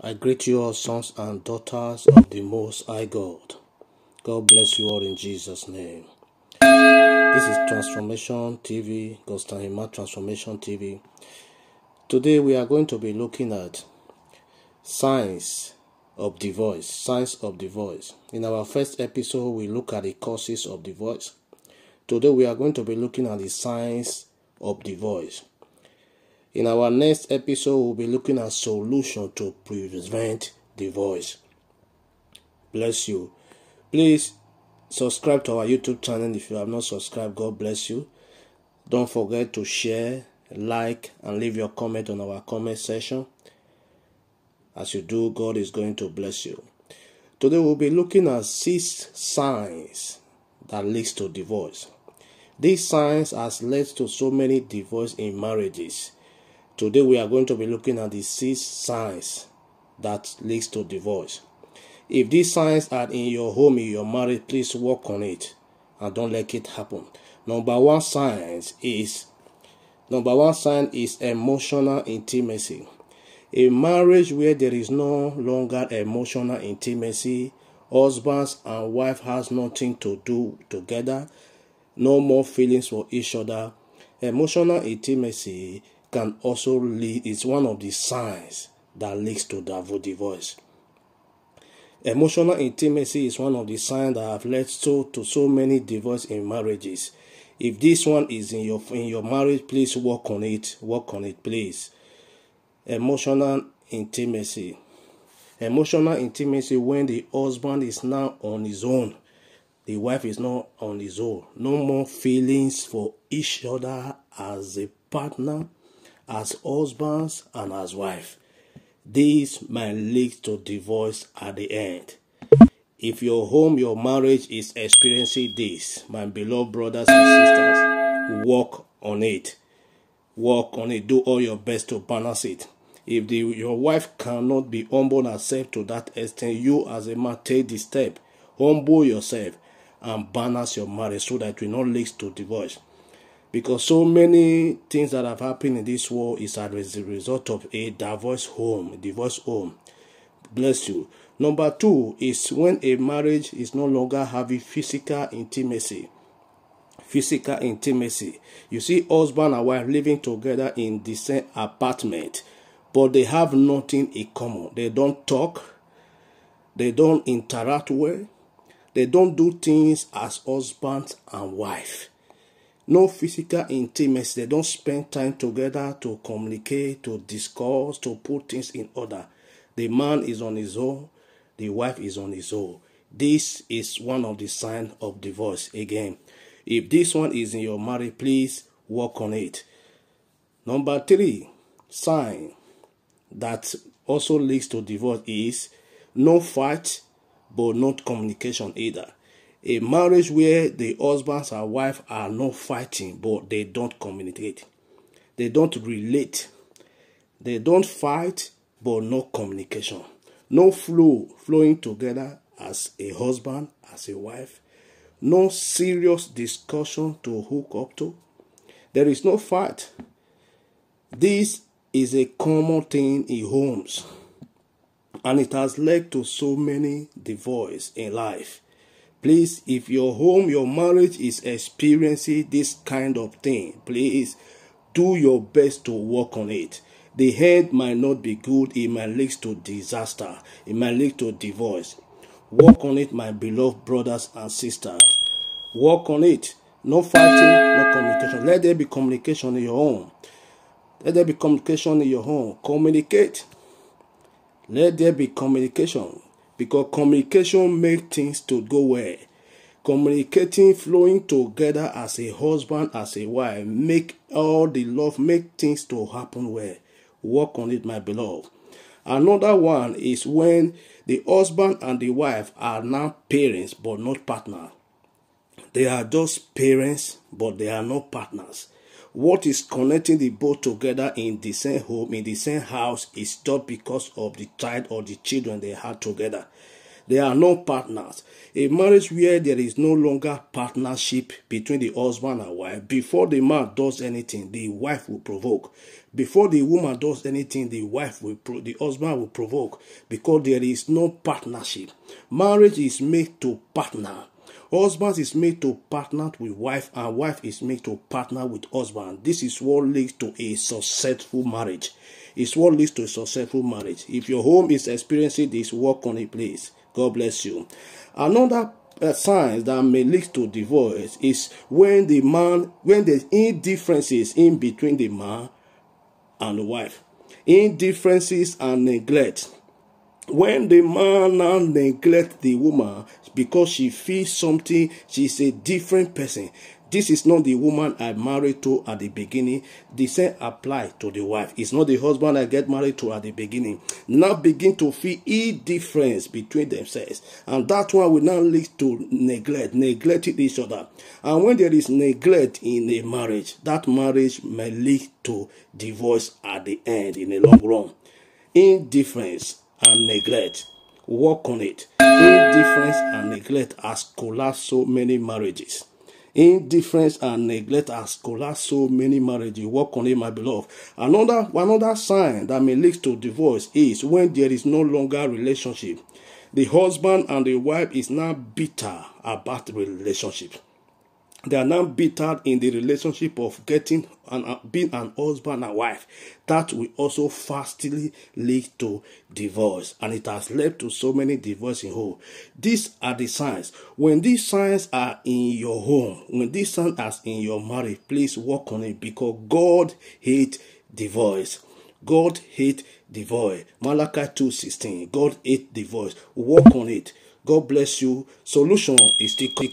I greet you all, sons and daughters of the Most High God. God bless you all in Jesus' name. This is Transformation TV, Gostahima Transformation TV. Today we are going to be looking at signs of the voice. Signs of the voice. In our first episode, we look at the causes of the voice. Today we are going to be looking at the signs of the voice. In our next episode, we'll be looking at solution to prevent divorce. Bless you. Please subscribe to our YouTube channel if you have not subscribed. God bless you. Don't forget to share, like, and leave your comment on our comment section. As you do, God is going to bless you. Today we'll be looking at six signs that leads to divorce. These signs has led to so many divorce in marriages Today we are going to be looking at the six signs that leads to divorce. If these signs are in your home, in your marriage, please work on it and don't let it happen. Number one sign is number one sign is emotional intimacy. A marriage where there is no longer emotional intimacy, husbands and wife has nothing to do together, no more feelings for each other. Emotional intimacy can also lead, it's one of the signs that leads to divorce. Emotional intimacy is one of the signs that have led so, to so many divorce in marriages. If this one is in your in your marriage, please work on it. Work on it, please. Emotional intimacy. Emotional intimacy when the husband is now on his own. The wife is not on his own. No more feelings for each other as a partner as husbands and as wife, This might lead to divorce at the end. If your home, your marriage is experiencing this, my beloved brothers and sisters, work on it. Work on it. Do all your best to balance it. If the, your wife cannot be humble and herself to that extent, you as a man take the step. Humble yourself and balance your marriage so that it will not lead to divorce because so many things that have happened in this world is as a result of a divorce home divorce home bless you number two is when a marriage is no longer having physical intimacy physical intimacy you see husband and wife living together in the same apartment but they have nothing in common they don't talk they don't interact well they don't do things as husband and wife no physical intimacy. They don't spend time together to communicate, to discuss, to put things in order. The man is on his own, the wife is on his own. This is one of the signs of divorce. Again, if this one is in your marriage, please work on it. Number three sign that also leads to divorce is no fight but not communication either. a marriage where the husbands and wife are not fighting but they don't communicate they don't relate they don't fight but no communication no flow flowing together as a husband as a wife no serious discussion to hook up to there is no fight this is a common thing in homes and it has led to so many divorces in life Please, if your home, your marriage is experiencing this kind of thing, please do your best to work on it. The head might not be good, it might lead to disaster, it might lead to divorce. Work on it, my beloved brothers and sisters. Work on it. No fighting, no communication. Let there be communication in your home. Let there be communication in your home. Communicate. Let there be communication. because communication make things to go well communicating flowing together as a husband as a wife make all the love make things to happen well work on it my beloved another one is when the husband and the wife are now parents but not partners. they are just parents but they are not partners What is connecting the both together in the same home, in the same house, is not because of the child or the children they had together. There are no partners. A marriage where there is no longer partnership between the husband and wife, before the man does anything, the wife will provoke. Before the woman does anything, the wife will pro- the husband will provoke because there is no partnership. Marriage is made to partner. Husband is made to partner with wife, and wife is made to partner with husband. This is what leads to a successful marriage. It's what leads to a successful marriage. If your home is experiencing this, work on it, please. God bless you. Another uh, signs that may lead to divorce is when the man when there's indifferences in between the man and the wife indifferences and neglect when the man now neglect the woman because she feels something she's a different person this is not the woman i married to at the beginning the same apply to the wife it's not the husband i get married to at the beginning now begin to feel indifference between themselves and that one will now lead to neglect neglecting each other and when there is neglect in a marriage that marriage may lead to divorce at the end in the long run indifference and neglect. Work on it. Indifference and neglect has collapsed so many marriages. Indifference and neglect has collapsed so many marriages. Work on it, my beloved. Another another sign that may lead to divorce is when there is no longer relationship. The husband and the wife is now bitter about the relationship they are now bitter in the relationship of getting and uh, being an husband and wife that will also fastly lead to divorce and it has led to so many divorce in home these are the signs when these signs are in your home when these signs are in your marriage please work on it because god hates divorce god hates divorce malachi 2 16 god hates divorce work on it god bless you solution is still